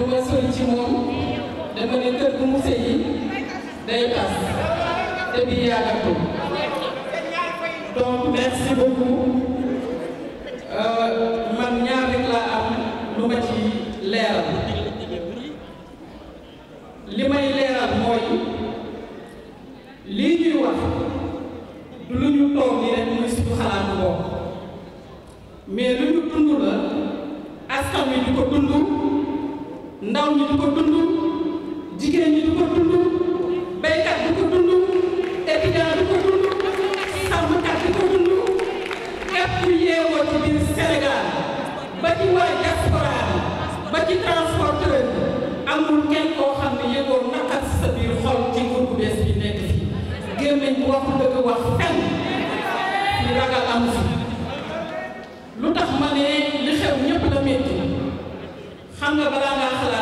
lu ma sori ci moom dama ne kër bu mu sëyi day tas te bii yàggatu donc merci beaucoup euh, man ñaar laa am lu ma ci leeral li may leeral mooy lii ñuy wax lu ñu toog nii rek muy suñu xalaatu bopp lu ñu dund la askan wi ko dund ndaw ñu di ko dund jigéen ñi di ko dund béykat di ko dund étudiant di ko dund sàmmkat di ko dund képp ku ci biir Sénégal ba ci waa diaspora ba ci transporteur amul kenn koo xam ne yëgoo naqar sa biir xol ci nguur gu bees bi nekk fi gémmiñ bu wax dëgg wax fen ñu ragal amu fi lu tax ma ne li xew ñëpp la métti xam nga balaa ngaa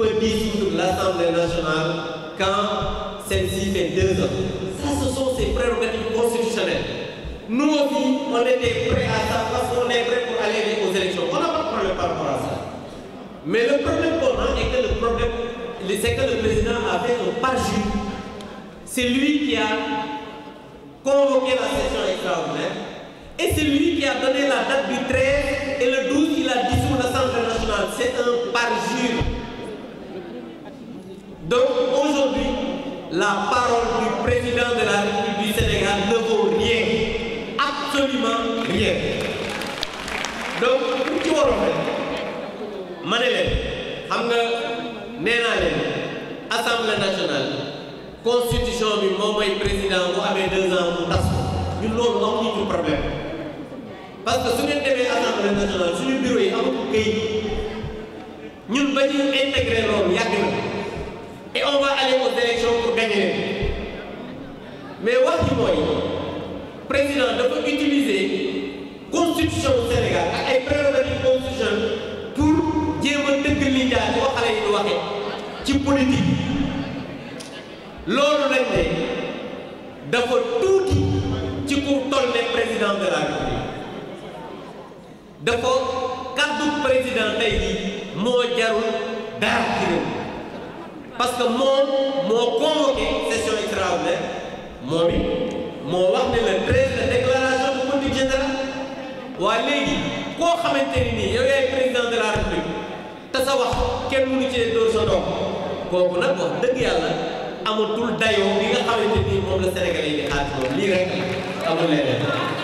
peut dissoudre l'Assemblée nationale quand celle-ci fait deux ans. Ça, ce sont ses prérogatives constitutionnelles. Nous aussi, on était prêts à ça parce qu'on est prêts pour aller aux élections. On n'a pas de problème par rapport à ça. Mais le problème qu'on a que le problème, c'est que le président avait un pas C'est lui qui a convoqué la session extraordinaire et c'est lui qui a donné la date du 13 et le 12, il a dissous l'Assemblée nationale. la parole du président de la République du Sénégal ne vaut rien, absolument rien. donc ku ci waroon rek Manele, assemblée nationale constitution du moment président bu avez deux ans nous n'avons pas n'avons loolu problème parce que su ngeen à l'Assemblée nationale suñu bureau yi amul pays, nous nous ñu intégré intégrer yàgg et on va aller aux élections pour gagner mais voici président doit utiliser constitution Sénégal et ay la constitution pour que l'État politique président de la République dafa kaddu président tey président moo parce que moom moo convoqué session extraordinaire moom it moo wax ne le treize la déclaration de politique générale waaye léegi koo xamante ni nii yow yaay président de la république te sa cee dóor sa doom kooku nag wax dëgg yàlla amatul dayoo li nga xamante ni moom la Sénégalais yi di xaar moom lii rek amul leneen